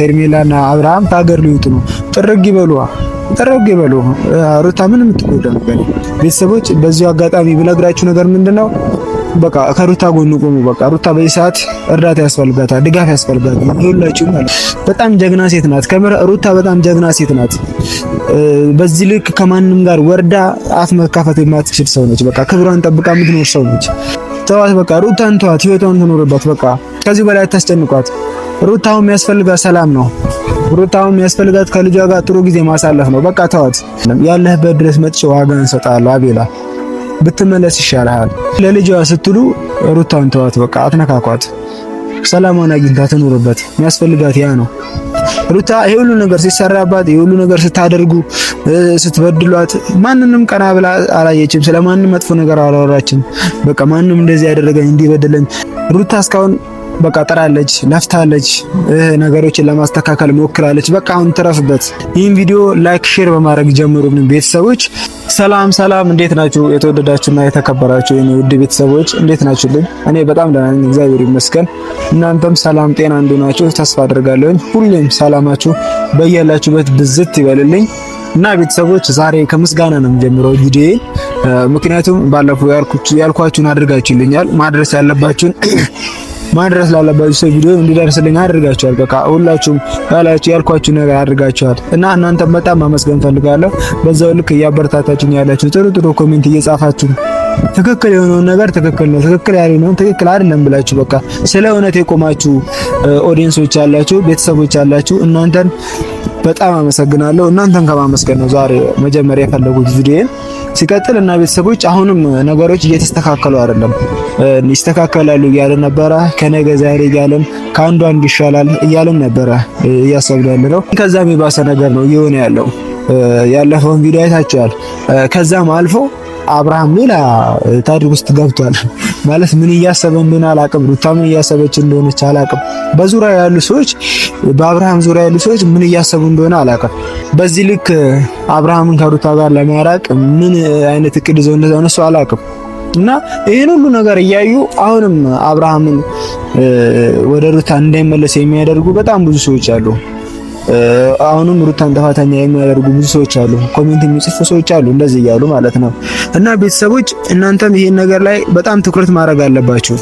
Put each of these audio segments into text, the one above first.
ሄርሜላና አብርሃም ከሀገር ሊወጡ ነው። ጥርግ ይበሉ ጥርግ ይበሉ። ሩታ ምን የምትጎዳ ነገር ቤተሰቦች፣ በዚሁ አጋጣሚ ብነግራችሁ ነገር ነው? በቃ ከሩታ ጎን ቆሙ። በቃ ሩታ በዚህ ሰዓት እርዳታ ያስፈልጋታል፣ ድጋፍ ያስፈልጋታል። ይሁላችሁ ማለት በጣም ጀግና ሴት ናት። ከምር ሩታ በጣም ጀግና ሴት ናት። በዚህ ልክ ከማንም ጋር ወርዳ አፍ መካፈት የማትችል ሰው ነች። በቃ ክብሯን ጠብቃ የምትኖር ሰው ነች። ተዋት በቃ ሩታን ተዋት፣ ህይወቷን ትኖርባት። በቃ ከዚህ በላይ አታስጨንቋት። ሩት አሁን የሚያስፈልጋት ሰላም ነው። ሩት አሁን የሚያስፈልጋት ከልጇ ጋር ጥሩ ጊዜ ማሳለፍ ነው። በቃ ተዋት። ያለህበት ድረስ መጥቼ ዋጋ እንሰጣለሁ። አቤላ ብትመለስ ይሻልሃል። ለልጇ ስትሉ ሩታውን ተዋት። በቃ አትነካኳት። ሰላማን አግኝታ ትኑርበት። የሚያስፈልጋት ያ ነው። ሩታ ይሄ ሁሉ ነገር ሲሰራባት ይሄ ሁሉ ነገር ስታደርጉ ስትበድሏት ማንንም ቀና ብላ አላየችም። ስለማንም መጥፎ ነገር አላወራችም። በቃ ማንም እንደዚህ ያደረገኝ እንዲበደለኝ ሩታ እስካሁን በቃ ጥራለች፣ ነፍታለች፣ ነገሮችን ለማስተካከል ሞክራለች። በቃ አሁን ትረፍበት። ይህን ቪዲዮ ላይክ፣ ሼር በማድረግ ጀምሩ ቤተሰቦች። ሰላም ሰላም፣ እንዴት ናችሁ? የተወደዳችሁና የተከበራችሁ የኔ ውድ ቤተሰቦች እንዴት ናችሁልኝ? እኔ በጣም ደህና ነኝ፣ እግዚአብሔር ይመስገን። እናንተም ሰላም ጤና እንደሆናችሁ ተስፋ አድርጋለሁ። ሁሌም ሰላማችሁ በያላችሁበት ብዝት ይበልልኝ እና ቤተሰቦች ዛሬ ከምስጋና ነው የምጀምረው ቪዲዮ ምክንያቱም ባለፈው ያልኳችሁን አድርጋችሁልኛል። ማድረስ ያለባችሁን ማድረስ ላለባችሁ ሰው ቪዲዮ እንዲደርስልኝ አድርጋችኋል። በቃ ሁላችሁም ያላችሁ ያልኳችሁ ነገር አድርጋችኋል እና እናንተ በጣም ማመስገን ፈልጋለሁ። በዛው ልክ እያበረታታችሁ ያላችሁ ጥሩ ጥሩ ኮሜንት እየጻፋችሁ ትክክል የሆነውን ነገር ትክክል ነው፣ ትክክል ያልሆነውን ትክክል አይደለም ብላችሁ በቃ ስለ እውነት የቆማችሁ ኦዲየንሶች አላችሁ፣ ቤተሰቦች አላችሁ እናንተን በጣም አመሰግናለሁ። እናንተን ከማመስገን ነው ዛሬ መጀመሪያ የፈለጉት ቪዲዮን። ሲቀጥል እና ቤተሰቦች አሁንም ነገሮች እየተስተካከሉ አይደለም፣ ይስተካከላሉ እያለን ነበረ። ከነገ ዛሬ እያለን ከአንዱ አንዱ ይሻላል እያለን ነበረ እያሰብን ያለ ነው። ከዛም የባሰ ነገር ነው እየሆነ ያለው። ያለፈውን ቪዲዮ አይታችኋል። ከዛም አልፎ አብርሃም ሌላ ታሪክ ውስጥ ገብቷል ማለት ምን እያሰበ እንደሆነ አላቅም። ሩታ ምን እያሰበች እንደሆነች አላቅም። በዙሪያ ያሉ ሰዎች፣ በአብርሃም ዙሪያ ያሉ ሰዎች ምን እያሰቡ እንደሆነ አላቅም። በዚህ ልክ አብርሃምን ከሩታ ጋር ለማራቅ ምን አይነት እቅድ ይዘው እንደሆነ እሱ አላቅም። እና ይህን ሁሉ ነገር እያዩ አሁንም አብርሃምን ወደ ሩታ እንዳይመለስ የሚያደርጉ በጣም ብዙ ሰዎች አሉ። አሁንም ሩታን ጥፋተኛ የሚያደርጉ ብዙ ሰዎች አሉ፣ ኮሜንት የሚጽፉ ሰዎች አሉ፣ እንደዚህ እያሉ ማለት ነው። እና ቤተሰቦች እናንተም ይሄን ነገር ላይ በጣም ትኩረት ማድረግ አለባችሁ።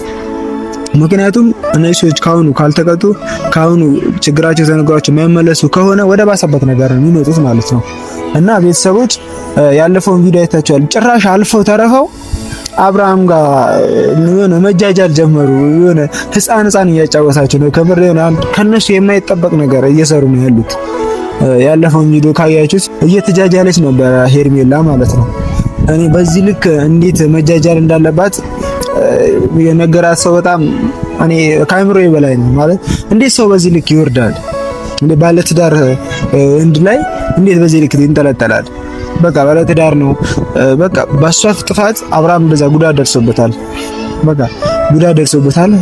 ምክንያቱም እነዚህ ሰዎች ካሁኑ ካልተቀጡ ካሁኑ ችግራቸው ተነግሯቸው የማይመለሱ ከሆነ ወደ ባሰበት ነገር ነው የሚመጡት ማለት ነው። እና ቤተሰቦች ያለፈውን ቪዲዮ አይታችኋል። ጭራሽ አልፈው ተረፈው አብርሃም ጋር የሆነ መጃጃል ጀመሩ። የሆነ ህፃን ህፃን እያጫወታቸው ነው። ከምር ይሆናል ከነሱ የማይጠበቅ ነገር እየሰሩ ነው ያሉት። ያለፈው ቪዲዮ ካያችሁት እየተጃጃለች ነበረ ሄርሜላ ማለት ነው። እኔ በዚህ ልክ እንዴት መጃጃል እንዳለባት የነገራት ሰው በጣም እኔ ከአእምሮ በላይ ነው ማለት። እንዴት ሰው በዚህ ልክ ይወርዳል? ባለትዳር ወንድ ላይ እንዴት በዚህ ልክ ይንጠለጠላል? በቃ ባለትዳር ነው። በቃ በሷ ጥፋት አብርሃም በዛ ጉዳት ደርሶበታል። በቃ ጉዳት ደርሶበታል።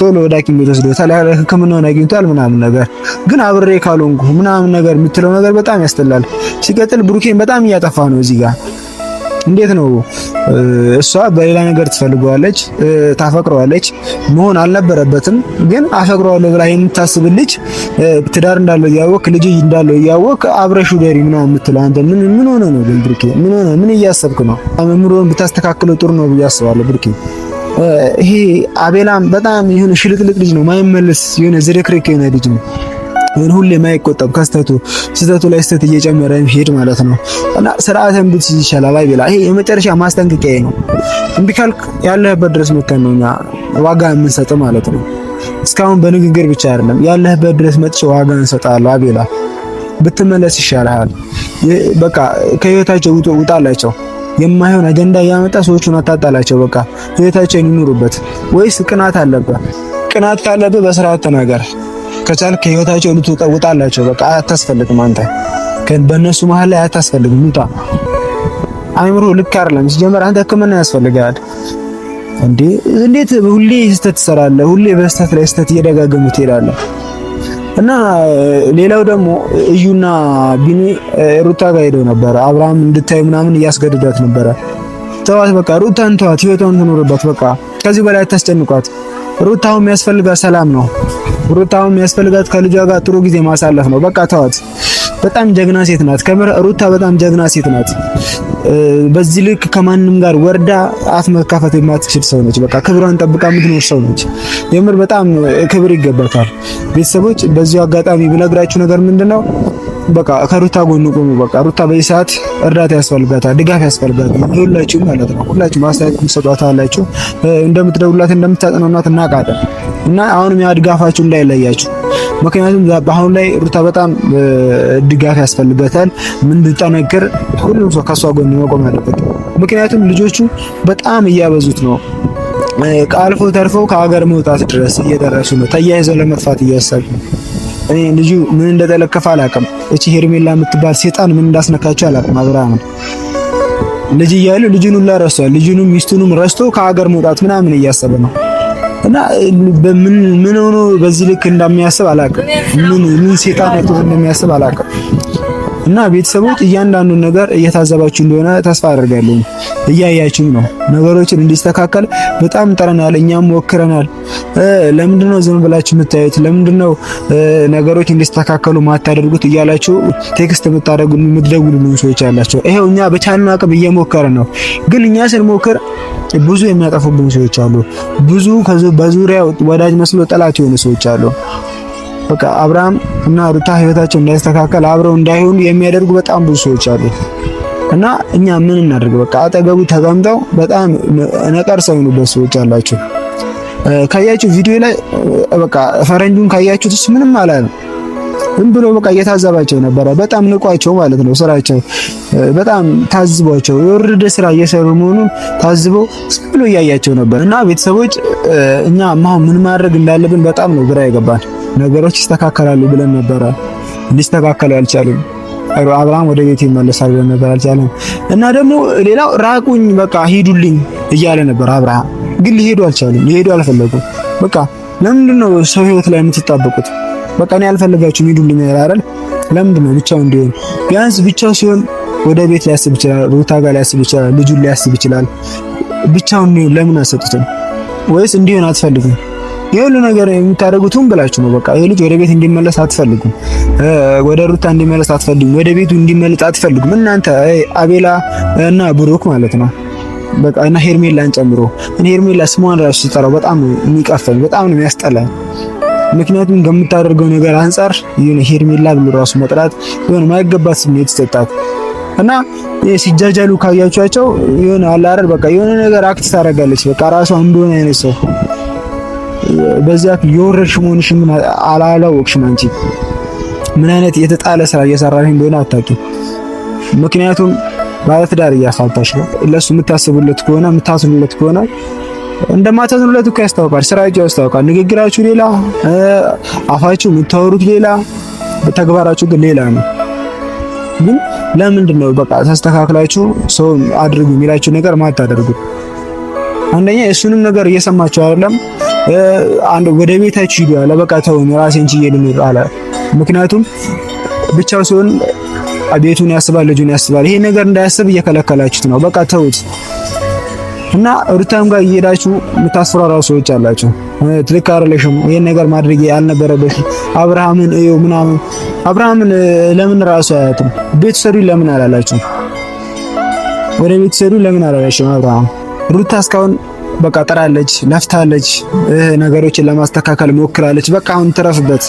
ቶሎ ወደ ሐኪም ቤት ወስዶታል። ሕክምናውን አግኝቷል ምናምን ነገር ግን አብሬ ካልሆንኩ ምናምን ነገር የምትለው ነገር በጣም ያስጠላል። ሲቀጥል ብሩኬን በጣም እያጠፋ ነው እዚህ ጋር እንዴት ነው እሷ በሌላ ነገር ትፈልገዋለች፣ ታፈቅረዋለች። መሆን አልነበረበትም ግን አፈቅረዋለሁ ብላ የምታስብ ልጅ ትዳር እንዳለው እያወቅ ልጅ እንዳለው እያወቅ አብረሽ ደሪ ምናምን የምትለው አንተ ምን ምን ሆነ ነው ግን ብርኬ? ምን ሆነ ምን እያሰብክ ነው? አመምሮን ብታስተካክለው ጥሩ ነው ብዬ አስባለሁ ብርኬ። ይሄ አቤላም በጣም የሆነ ሽልጥልጥ ልጅ ነው፣ ማይመለስ የሆነ ዝርክርክ የሆነ ልጅ ነው። ግን ሁሌም አይቆጠብ ከስተቱ ስተቱ ላይ ስተት እየጨመረ ሄድ ማለት ነው እና ስርዓትን ብት ይሻላል አይብላ ይሄ የመጨረሻ ማስጠንቀቂያ ነው። እምቢ ካልክ ያለህበት ድረስ መተን ነው እኛ ዋጋ የምንሰጥ ማለት ነው። እስካሁን በንግግር ብቻ አይደለም ያለህበት ድረስ መጥቼ ዋጋ እንሰጣለሁ አቤላ ብትመለስ ይሻልሃል። በቃ ከህይወታቸው ውጡ ውጣላቸው። የማይሆን አጀንዳ እያመጣ ሰዎቹን አታጣላቸው። በቃ ህይወታቸውን ይኑሩበት። ወይስ ቅናት አለብህ? ቅናት ካለብህ በስርዓት ተናገር። ከቻል ከህይወታቸው ልትውጣላቸው። በቃ አታስፈልግም። አንተ በእነሱ መሀል ላይ አታስፈልግም። ውጣ። አይምሮ ልክ አይደለም። ሲጀመር አንተ ህክምና ያስፈልጋል። እንዴ እንዴት ሁሌ ስህተት ትሰራለህ? ሁሌ በስህተት ላይ ስህተት እየደጋገሙ ትሄዳለህ። እና ሌላው ደግሞ እዩና ቢኒ ሩታ ጋር ሄደው ነበረ። አብርሃም እንድታይ ምናምን እያስገድዷት ነበረ። ተዋት በቃ ሩታን ተዋት፣ ህይወቷን ትኖርባት በቃ። ከዚህ በላይ አታስጨንቋት። ሩታው አሁን የሚያስፈልጋት ሰላም ነው። ሩት አሁን የሚያስፈልጋት ከልጇ ጋር ጥሩ ጊዜ ማሳለፍ ነው። በቃ ተዋት። በጣም ጀግና ሴት ናት። ከምር ሩታ በጣም ጀግና ሴት ናት። በዚህ ልክ ከማንም ጋር ወርዳ አፍ መካፈት የማትችል ሰው ነች። በቃ ክብሯን ጠብቃ የምትኖር ሰው ነች። የምር በጣም ክብር ይገባታል። ቤተሰቦች፣ በዚሁ አጋጣሚ ብነግራችሁ ነገር ምንድነው በቃ ከሩታ ጎን ቆሙ። በቃ ሩታ በዚህ ሰዓት እርዳታ ያስፈልጋታል፣ ድጋፍ ያስፈልጋታል። ሁላችሁም ማለት ነው ሁላችሁ ማስተያየት ሰጧታላችሁ፣ እንደምትደውላት እንደምታጽናናት እናውቃለን። እና አሁንም ያ ድጋፋችሁ እንዳይለያችሁ። ምክንያቱም በአሁኑ ላይ ሩታ በጣም ድጋፍ ያስፈልጋታል። ምን እንድጠነክር ሁሉም ሰው ከሷ ጎን መቆም አለበት። ምክንያቱም ልጆቹ በጣም እያበዙት ነው። አልፎ ተርፎ ከሀገር መውጣት ድረስ እየደረሱ ነው። ተያይዘው ለመጥፋት እያሰቡ እኔ ልጁ ምን እንደተለከፈ አላውቅም። እቺ ሄርሜላ የምትባል ሴጣን ምን እንዳስነካቸው አላውቅም። አብርሃምን ልጅ እያሉ ልጁን ሁላ ረስቷል። ልጁንም ሚስቱንም ረስቶ ከሀገር መውጣት ምናምን እያሰበ ነው። እና በምን ምን ሆኖ በዚህ ልክ እንደሚያስብ አላውቅም። ምን ምን ሴጣን እንደሚያስብ አላውቅም። እና ቤተሰቦች እያንዳንዱን ነገር እየታዘባችሁ እንደሆነ ተስፋ አደርጋለሁ። እያያችሁ ነው ነገሮችን እንዲስተካከል በጣም ጥረናል፣ እኛም ሞክረናል። ለምንድነው ዝም ብላችሁ የምታዩት? ለምንድነው ነገሮች እንዲስተካከሉ ማታደርጉት? እያላችሁ ቴክስት የምታደርጉ የምትደውሉልን ሰዎች አላቸው። ይሄው እኛ በቻልን አቅም እየሞከረ ነው፣ ግን እኛ ስንሞክር ብዙ የሚያጠፉብን ሰዎች አሉ። ብዙ በዙሪያው ወዳጅ መስሎ ጠላት የሆኑ ሰዎች አሉ። በቃ አብርሃም እና ሩታ ህይወታቸው እንዳይስተካከል አብረው እንዳይሆኑ የሚያደርጉ በጣም ብዙ ሰዎች አሉ። እና እኛ ምን እናደርግ? በቃ አጠገቡ ተቀምጠው በጣም ነቀርሳ የሆኑበት ሰዎች አላቸው። ካያችሁ ቪዲዮ ላይ በቃ ፈረንጁን እሱ ምንም አላለም። ዝም ብሎ በቃ እየታዘባቸው ነበረ። በጣም ንቋቸው ማለት ነው። ስራቸው በጣም ታዝቧቸው የወረደ ስራ እየሰሩ መሆኑን ታዝቦ ዝም ብሎ እያያቸው ነበር። እና ቤተሰቦች እኛ አሁን ምን ማድረግ እንዳለብን በጣም ነው ግራ የገባን። ነገሮች ይስተካከላሉ ብለን ነበረ፣ ሊስተካከሉ አልቻሉም። አብርሃም ወደ ቤት ይመለሳል ብለን ነበር፣ አልቻለም። እና ደግሞ ሌላው ራቁኝ፣ በቃ ሂዱልኝ እያለ ነበር አብርሃም ግን ሊሄዱ አልቻሉም። ሊሄዱ አልፈለጉም። በቃ ለምንድን ነው ሰው ህይወት ላይ የምትጣበቁት? በቃ እኔ አልፈለጋችሁም ሂዱልኝ አይደል? ለምንድን ነው ብቻው እንዲሆን? ቢያንስ ብቻው ሲሆን ወደ ቤት ሊያስብ ይችላል፣ ሩታ ጋር ሊያስብ ይችላል፣ ልጁን ሊያስብ ይችላል። ብቻውን ለምን አሰጡትም? ወይስ እንዲሆን አትፈልጉም? የሁሉ ነገር የምታደርጉትም ብላችሁ ነው። በቃ ይሄ ልጅ ወደ ቤት እንዲመለስ አትፈልጉም፣ ወደ ሩታ እንዲመለስ አትፈልጉም፣ ወደ ቤቱ እንዲመለስ አትፈልጉም። እናንተ አቤላ እና ብሩክ ማለት ነው። በቃ እና ሄርሜላን ጨምሮ እኔ ሄርሜላ ስሟን ራሱ ስጠራው በጣም የሚቀፈል በጣም ነው የሚያስጠላኝ። ምክንያቱም ከምታደርገው ነገር አንጻር የሆነ ሄርሜላ ብሎ ራሱ መጥራት የሆነ ማይገባት ስሜት ይሰጣት እና ሲጃጃሉ ካያቸዋቸው የሆነ አላረር በቃ የሆነ ነገር አክት ታደርጋለች። በቃ ራሷ እንደሆነ አይነት ሰው በዚያ የወረድሽ መሆንሽን ግን አላላወቅሽም። አንቺ ምን አይነት የተጣለ ስራ እየሰራሽ እንደሆነ አታውቂም። ምክንያቱም ባለትዳር እያሳጣች ነው። ለሱ የምታስቡለት ከሆነ የምታዝኑለት ከሆነ እንደማታዝኑለት እኮ ያስታውቃል። ስራችሁ ያስታውቃል። ንግግራችሁ ሌላ፣ አፋችሁ የምታወሩት ሌላ፣ ተግባራችሁ ግን ሌላ ነው። ግን ለምንድን ነው በቃ ተስተካክላችሁ ሰው አድርጉ የሚላችሁ ነገር ማታደርጉ? አንደኛ የእሱንም ነገር እየሰማችሁ አይደለም። አንድ ወደ ቤታችሁ ሂዱ አለ። በቃ ተው ራሴን ችዬ ልኑር አለ። ምክንያቱም ብቻው ሲሆን ቤቱን ያስባል፣ ልጁን ያስባል። ይሄ ነገር እንዳያስብ እየከለከላችሁት ነው። በቃ ተውት እና ሩታም ጋር እየሄዳችሁ የምታስፈራራ ሰዎች አላችሁ። ትልቅ አይደለሽም፣ ይሄን ነገር ማድረግ አልነበረበሽም፣ አብርሃምን እዩ ምናምን። አብርሃምን ለምን ራሱ አያትም? ቤት ሰሪ ለምን አላላችሁ? ወደ ቤት ሰሪ ለምን አላላችሁ? አብርሃም ሩታ እስካሁን በቃ ጥራለች፣ ለፍታለች፣ ነገሮችን ለማስተካከል ሞክራለች። በቃ አሁን ትረፍበት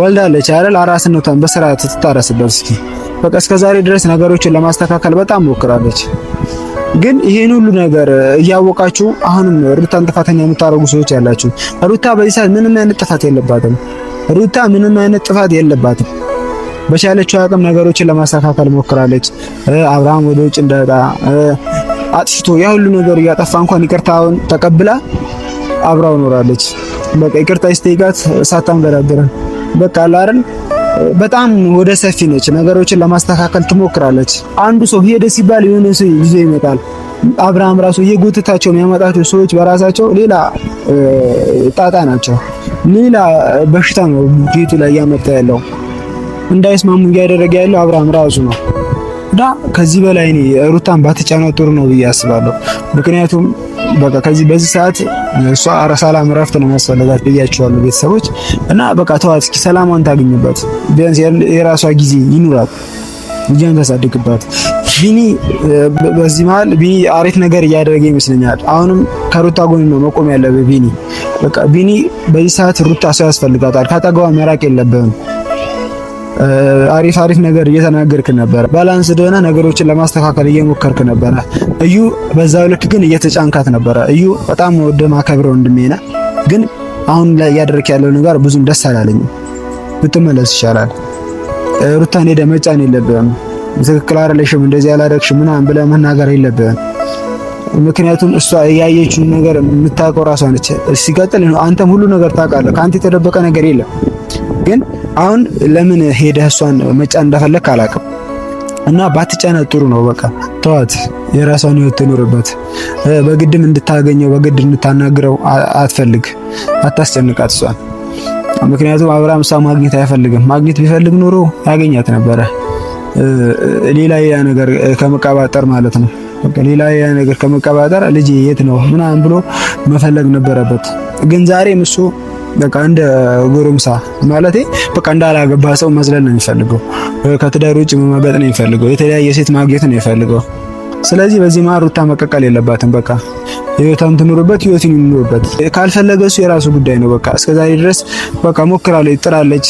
ወልዳለች አይደል? አራስነቷን በስርዓት ትታረስበት እስኪ በቃ እስከ ዛሬ ድረስ ነገሮችን ለማስተካከል በጣም ሞክራለች። ግን ይሄን ሁሉ ነገር እያወቃችሁ አሁንም ሩታን ጥፋተኛ የምታደርጉ ሰዎች ያላችሁ፣ ሩታ በዚህ ሰዓት ምንም አይነት ጥፋት የለባትም። ሩታ ምንም አይነት ጥፋት የለባትም። በቻለችው አቅም ነገሮችን ለማስተካከል ሞክራለች። አብርሃም ወደ ውጭ እንዳይወጣ አጥፍቶ ያ ሁሉ ነገር እያጠፋ እንኳን ይቅርታውን ተቀብላ አብራው ኖራለች። በቃ ይቅርታ ይስጠይቃት ሳታንገዳግረን በቃ አላረን በጣም ወደ ሰፊ ነች። ነገሮችን ለማስተካከል ትሞክራለች። አንዱ ሰው ሄደ ሲባል የሆነ ሰው ይዞ ይመጣል። አብርሃም ራሱ የጎትታቸው የሚያመጣቸው ሰዎች በራሳቸው ሌላ ጣጣ ናቸው። ሌላ በሽታ ነው ቤቱ ላይ እያመጣ ያለው። እንዳይስማሙ እያደረገ ያለው አብርሃም ራሱ ነው። እና ከዚህ በላይ እኔ ሩታን ባትጫነው ጥሩ ነው ብዬ አስባለሁ። ምክንያቱም በቃ ከዚህ በዚህ ሰዓት እሷ ሰላም እረፍት ነው የሚያስፈልጋት ብያቸዋለሁ ቤተሰቦች እና በቃ ተዋት እስኪ ሰላሟን ታገኝበት ቢያንስ የራሷ ጊዜ ይኑራት ልጅን ታሳድግባት። ቢኒ በዚህ መሀል ቢኒ አሪፍ ነገር እያደረገ ይመስለኛል። አሁንም ከሩታ ጎን ነው መቆም ያለበት ቢኒ። በቃ ቢኒ በዚህ ሰዓት ሩታ ሰው ያስፈልጋታል። ከአጠገቧ መራቅ የለብህም። አሪፍ አሪፍ ነገር እየተናገርክ ነበረ። ባላንስ ደሆነ ነገሮችን ለማስተካከል እየሞከርክ ነበረ። እዩ በዛው ልክ ግን እየተጫንካት ነበረ። እዩ በጣም ወደ ማከብረው ወንድሜና ግን አሁን ላይ እያደረክ ያለው ነገር ብዙም ደስ አላለኝም። ብትመለስ ይሻላል። ሩታን ሄደ መጫን የለብህም። ትክክል አይደለሽም፣ እንደዚህ ያላደረግሽም ምናምን ብለህ መናገር የለብህም። ምክንያቱም እሷ ያየችውን ነገር የምታውቀው ራሷ ነች። ሲቀጥል አንተም ሁሉ ነገር ታውቃለህ። ከአንተ የተደበቀ ነገር የለም። ግን አሁን ለምን ሄደህ እሷን መጫን እንደፈለክ አላውቅም። እና ባትጫነ ጥሩ ነው። በቃ ተዋት፣ የራሷን ህይወት ትኖርበት። በግድም እንድታገኘው በግድ እንድታናግረው አትፈልግ፣ አታስጨንቃት እሷን። ምክንያቱም አብርሃም እሷ ማግኘት አይፈልግም። ማግኘት ቢፈልግ ኑሮ ያገኛት ነበረ። ሌላ ያ ነገር ከመቀባጠር ማለት ነው። በቃ ሌላ ያ ነገር ከመቀባጠር ልጅ የት ነው ምናምን ብሎ መፈለግ ነበረበት። ግን ዛሬም እሱ በቃ እንደ ጉሩምሳ ማለት በቃ እንዳላገባ ሰው መዝለል ነው የሚፈልገው። ከትዳር ውጭ መመበጥ ነው የሚፈልገው። የተለያየ ሴት ማግኘት ነው የሚፈልገው። ስለዚህ በዚህ መሀል ሩታ መቀቀል የለባትም። በቃ ህይወቷን ትኑርበት፣ ህይወትን ይኑርበት። ካልፈለገ እሱ የራሱ ጉዳይ ነው። በቃ እስከዛሬ ድረስ በቃ ሞክራለች፣ ጥራለች።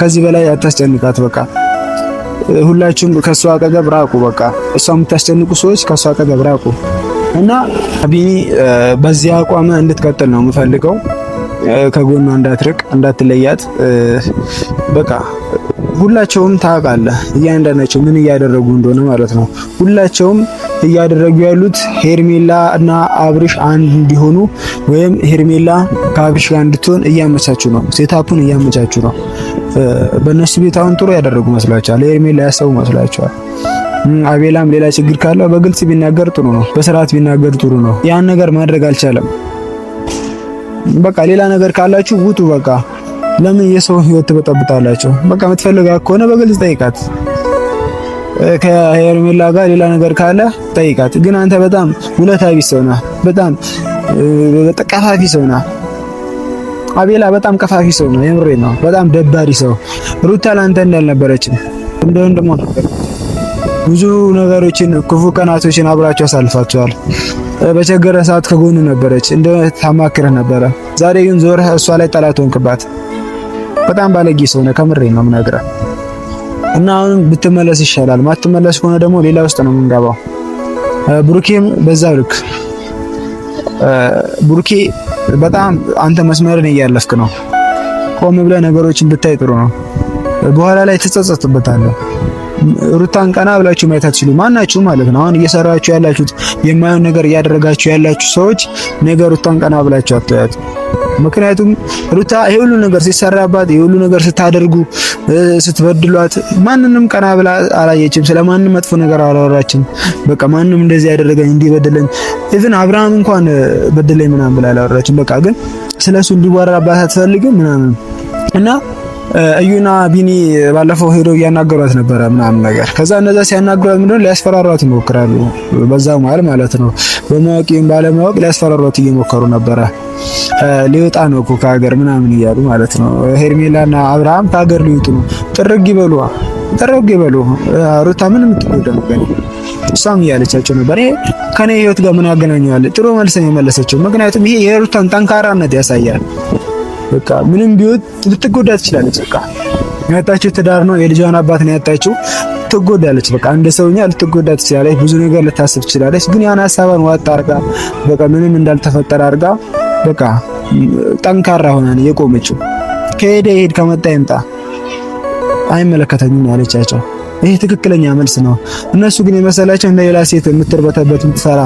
ከዚህ በላይ አታስጨንቃት። በቃ ሁላችሁም ከእሷ አጠገብ ራቁ። በቃ እሷ የምታስጨንቁ ሰዎች ከእሷ አጠገብ ራቁ እና ቢኒ በዚህ አቋም እንድትቀጥል ነው የምፈልገው። ከጎኗ እንዳትርቅ እንዳትለያት። በቃ ሁላቸውም ታውቃለህ፣ እያንዳንዳቸው ምን እያደረጉ እንደሆነ ማለት ነው። ሁላቸውም እያደረጉ ያሉት ሄርሜላ እና አብርሽ አንድ እንዲሆኑ ወይም ሄርሜላ ከአብርሽ ጋር እንድትሆን እያመቻቹ ነው። ሴታፑን እያመቻቹ ነው። በእነሱ ቤት አሁን ጥሩ ያደረጉ መስሏቸዋል። ሄርሜላ ያሰቡ መስሏቸዋል። አቤላም ሌላ ችግር ካለው በግልጽ ቢናገር ጥሩ ነው። በስርዓት ቢናገር ጥሩ ነው። ያን ነገር ማድረግ አልቻለም። በቃ ሌላ ነገር ካላችሁ ውጡ። በቃ ለምን የሰው ህይወት ትበጠብጣላችሁ? በቃ የምትፈልጋ ከሆነ በግልጽ ጠይቃት። ከሄርሜላ ጋር ሌላ ነገር ካለ ጠይቃት። ግን አንተ በጣም ውለታ ቢስ ሰው ነህ። በጣም ቀፋፊ ሰው ነህ። አቤላ በጣም ቀፋፊ ሰው ነው። የምሬ ነው። በጣም ደባሪ ሰው። ሩታ ላንተ እንዳልነበረችም እንደ ወንድሟ ነበር። ብዙ ነገሮችን ክፉ ቀናቶችን አብራችሁ አሳልፋችኋል። በቸገረ ሰዓት ከጎኑ ነበረች፣ እንደ ታማክርህ ነበረ። ዛሬ ግን ዞርህ እሷ ላይ ጠላት ሆንክባት። በጣም ባለጌ ሰው ነህ፣ ከምሬ ነው የምነግርህ። እና አሁን ብትመለስ ይሻላል። ማትመለስ ከሆነ ደግሞ ሌላ ውስጥ ነው የምንገባው። ብሩኬም በዛው ልክ ብሩኬ፣ በጣም አንተ መስመርን እያለፍክ ነው። ቆም ብለህ ነገሮችን ብታይ ጥሩ ነው። በኋላ ላይ ትጸጸትበታለህ። ሩታን ቀና ብላችሁ ማየት አትችሉ። ማናችሁ ማለት ነው። አሁን እየሰራችሁ ያላችሁት የማይሆን ነገር እያደረጋችሁ ያላችሁ ሰዎች ነገ ሩታን ቀና ብላችሁ አትያት። ምክንያቱም ሩታ ይሄ ሁሉ ነገር ሲሰራባት፣ ይሄ ሁሉ ነገር ስታደርጉ፣ ስትበድሏት ማንንም ቀና ብላ አላየችም። ስለማንም መጥፎ ነገር አላወራችም። በቃ ማንም እንደዚህ ያደረገኝ እንዲህ ኢቭን አብርሃም እንኳን በደለኝ ምናምን ብላ አላወራችም። በቃ ግን ስለሱ እንዲወራባት አትፈልግም ምናምን እና እዩና ቢኒ ባለፈው ሄዶ እያናገሯት ነበረ ምናምን ነገር። ከዛ እነዛ ሲያናገሯት ምንድነው ሊያስፈራሯት ይሞክራሉ። በዛ መሀል ማለት ነው በማወቅም ባለማወቅ ሊያስፈራሯት እየሞከሩ ነበረ። ሊወጣ ነው እኮ ከሀገር ምናምን እያሉ ማለት ነው። ሄርሜላና አብርሃም ከሀገር ሊወጡ ነው። ጥርግ ይበሉ፣ ጥርግ ይበሉ። ሩታ ምን የምትጎዳ ነገር እሷም እያለቻቸው ነበር። ይሄ ከኔ ህይወት ጋር ምን ያገናኘዋል? ጥሩ መልስ ነው የመለሰችው። ምክንያቱም ይሄ የሩታን ጠንካራነት ያሳያል። በቃ ምንም ቢሆን ልትጎዳ ትችላለች። በቃ ያጣችው ትዳር ነው። የልጇን አባት ነው ያጣችው። ትጎዳለች። በቃ እንደ ሰውኛ ልትጎዳ ትችላለች። ብዙ ነገር ልታስብ ትችላለች። ግን ያን ሀሳቧን ዋጥ አርጋ በቃ ምንም እንዳልተፈጠረ አርጋ በቃ ጠንካራ ሆና ነው የቆመችው። ከሄደ ይሄድ ከመጣ ይምጣ አይመለከተኝም ያለቻቸው ይሄ ትክክለኛ መልስ ነው። እነሱ ግን የመሰላቸው እንደ ሌላ ሴት የምትርበተበት የምትሰራ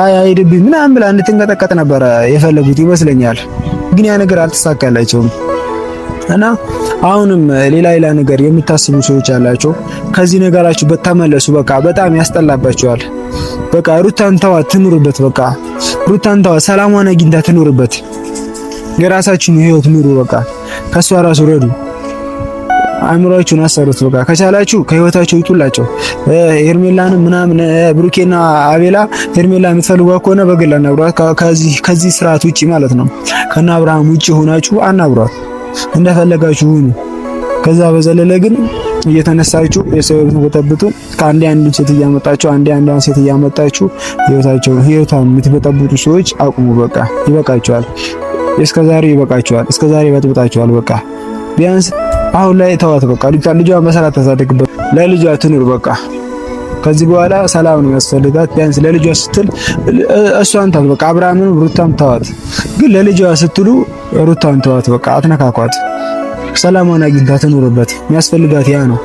አይ አይድብኝ ምናምን ብላ እንድትንቀጠቀጥ ነበረ የፈለጉት ይመስለኛል። ግን ያ ነገር አልተሳካላቸውም እና አሁንም ሌላ ሌላ ነገር የምታስቡ ሰዎች አላቸው። ከዚህ ነገራችሁ በተመለሱ በቃ በጣም ያስጠላባችኋል። በቃ ሩታን ተዋት፣ ትኑርበት። በቃ ሩታን ተዋት፣ ሰላሟን አግኝታ ትኑርበት። የራሳችሁን ህይወት ኑሩ። በቃ ከሷ ራስ ረዱ። አእምሯችሁን አሰሩት። በቃ ከቻላችሁ ከህይወታችሁ ይጡላቸው። ሄርሜላን ምናምን ብሩኬና አቤላ ሄርሜላ የምትፈልጓ ከሆነ በግል አናግሯት። ከዚህ ከዚህ ስርዓት ውጪ ማለት ነው። ከና አብርሃም ውጪ ሆናችሁ አናግሯት። እንደፈለጋችሁ ሁኑ። ከዛ በዘለለ ግን እየተነሳችሁ የሰው ህይወት የምትበጠብጡ ከአንዴ አንድ ሴት እያመጣችሁ አንድ አንድ ሴት እያመጣችሁ ህይወታቸው ህይወቷን የምትበጠብጡ ሰዎች አቁሙ። በቃ ይበቃችኋል። እስከዛሬ ይበቃችኋል። እስከዛሬ በጥብጣችኋል። በቃ ቢያንስ አሁን ላይ ተዋት በቃ ልጇ ልጇ መሰራት ታሳድግበት ለልጇ ትኑር በቃ ከዚህ በኋላ ሰላም ነው የሚያስፈልጋት። ቢያንስ ለልጇ ስትል እሷን ተዋት በቃ አብርሃምን ሩታም ተዋት፣ ግን ለልጇ ስትሉ ሩታን ተዋት በቃ አትነካኳት። ሰላሟን አግኝታ ትኑርበት። የሚያስፈልጋት ያ ነው።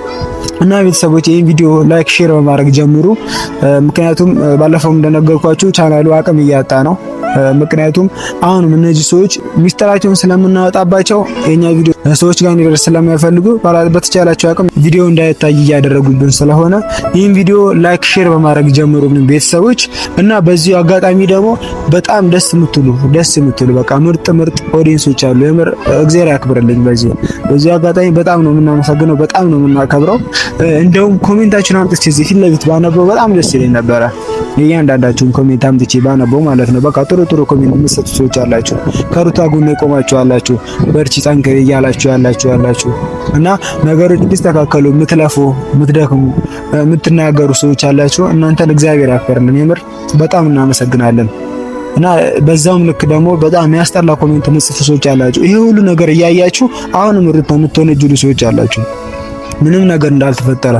እና ቤተሰቦች ይህን ቪዲዮ ላይክ ሼር በማድረግ ጀምሩ። ምክንያቱም ባለፈው እንደነገርኳችሁ ቻናሉ አቅም እያጣ ነው። ምክንያቱም አሁንም እነዚህ ሰዎች ሚስጥራቸውን ስለምናወጣባቸው የኛ ቪዲዮ ሰዎች ጋር እንዲደርስ ስለማይፈልጉ በተቻላቸው አቅም ቪዲዮ እንዳይታይ እያደረጉብን ስለሆነ ይህን ቪዲዮ ላይክ ሼር በማድረግ ጀምሩ ቤተሰቦች። እና በዚሁ አጋጣሚ ደግሞ በጣም ደስ የምትሉ ደስ የምትሉ በቃ ምርጥ ምርጥ ኦዲየንሶች አሉ። የምር እግዚአብሔር ያክብርልኝ። በዚህ በዚሁ አጋጣሚ በጣም ነው የምናመሰግነው፣ በጣም ነው የምናከብረው። እንደውም ኮሜንታችን አምጥቼ እዚህ ፊት ለፊት ባነበው በጣም ደስ ይለኝ ነበረ። እያንዳንዳችሁን ኮሜንት አምጥቼ ባነበው ማለት ነው። በቃ ጥሩ ጥሩ ኮሜንት የምትሰጡ ሰዎች አላችሁ፣ ከሩታ ጎን የቆማችሁ አላችሁ፣ በርቺ ጠንክሪ እያላችሁ ያላችሁ ያላችሁ እና ነገሮች እንዲስተካከሉ የምትለፉ የምትደክሙ የምትናገሩ ሰዎች አላችሁ። እናንተን እግዚአብሔር ያፈርልን። የምር በጣም እናመሰግናለን። እና በዛውም ልክ ደግሞ በጣም ያስጠላ ኮሜንት ምጽፍ ሰዎች አላችሁ። ይሄ ሁሉ ነገር እያያችሁ አሁንም ሩታ የምትወነጅሉ ሰዎች አላችሁ። ምንም ነገር እንዳልተፈጠረ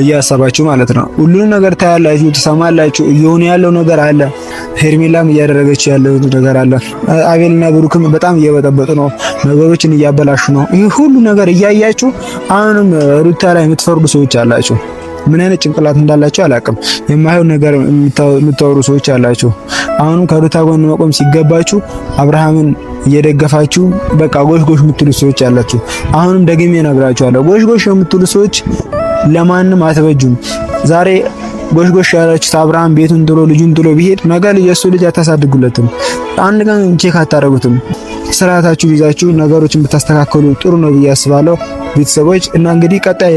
እያሰባችሁ ማለት ነው። ሁሉንም ነገር ታያላችሁ፣ ትሰማላችሁ። እየሆነ ያለው ነገር አለ። ሄርሜላም እያደረገች ያለው ነገር አለ። አቤልና ብሩክም በጣም እየበጠበጡ ነው፣ ነገሮችን እያበላሹ ነው። ይህ ሁሉ ነገር እያያችሁ አሁንም ሩታ ላይ የምትፈርዱ ሰዎች አላችሁ። ምን አይነት ጭንቅላት እንዳላቸው አላቅም። የማየው ነገር የምታወሩ ሰዎች አላችሁ። አሁንም ከሩታ ጎን መቆም ሲገባችሁ አብርሃምን እየደገፋችሁ በቃ ጎሽ ጎሽ የምትሉ ሰዎች አላችሁ። አሁንም ደግሜ እነግራችኋለሁ፣ ጎሽ ጎሽ የምትሉ ሰዎች ለማንም አትበጁም። ዛሬ ጎሽ ጎሽ ያላችሁት አብርሃም ቤቱን ጥሎ ልጁን ጥሎ ቢሄድ ነገ ልጅ እሱ ልጅ አታሳድጉለትም። አንድ ቀን ቼክ አታደርጉትም። ስርዓታችሁ ይዛችሁ ነገሮችን ብታስተካከሉ ጥሩ ነው ብዬ አስባለሁ። ቤተሰቦች እና እንግዲህ ቀጣይ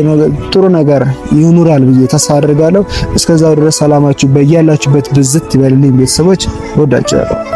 ጥሩ ነገር ይኑራል ብዬ ተስፋ አድርጋለሁ። እስከዛው ድረስ ሰላማችሁ በያላችሁበት ብዝት ይበልልኝ። ቤተሰቦች ወዳችኋለሁ።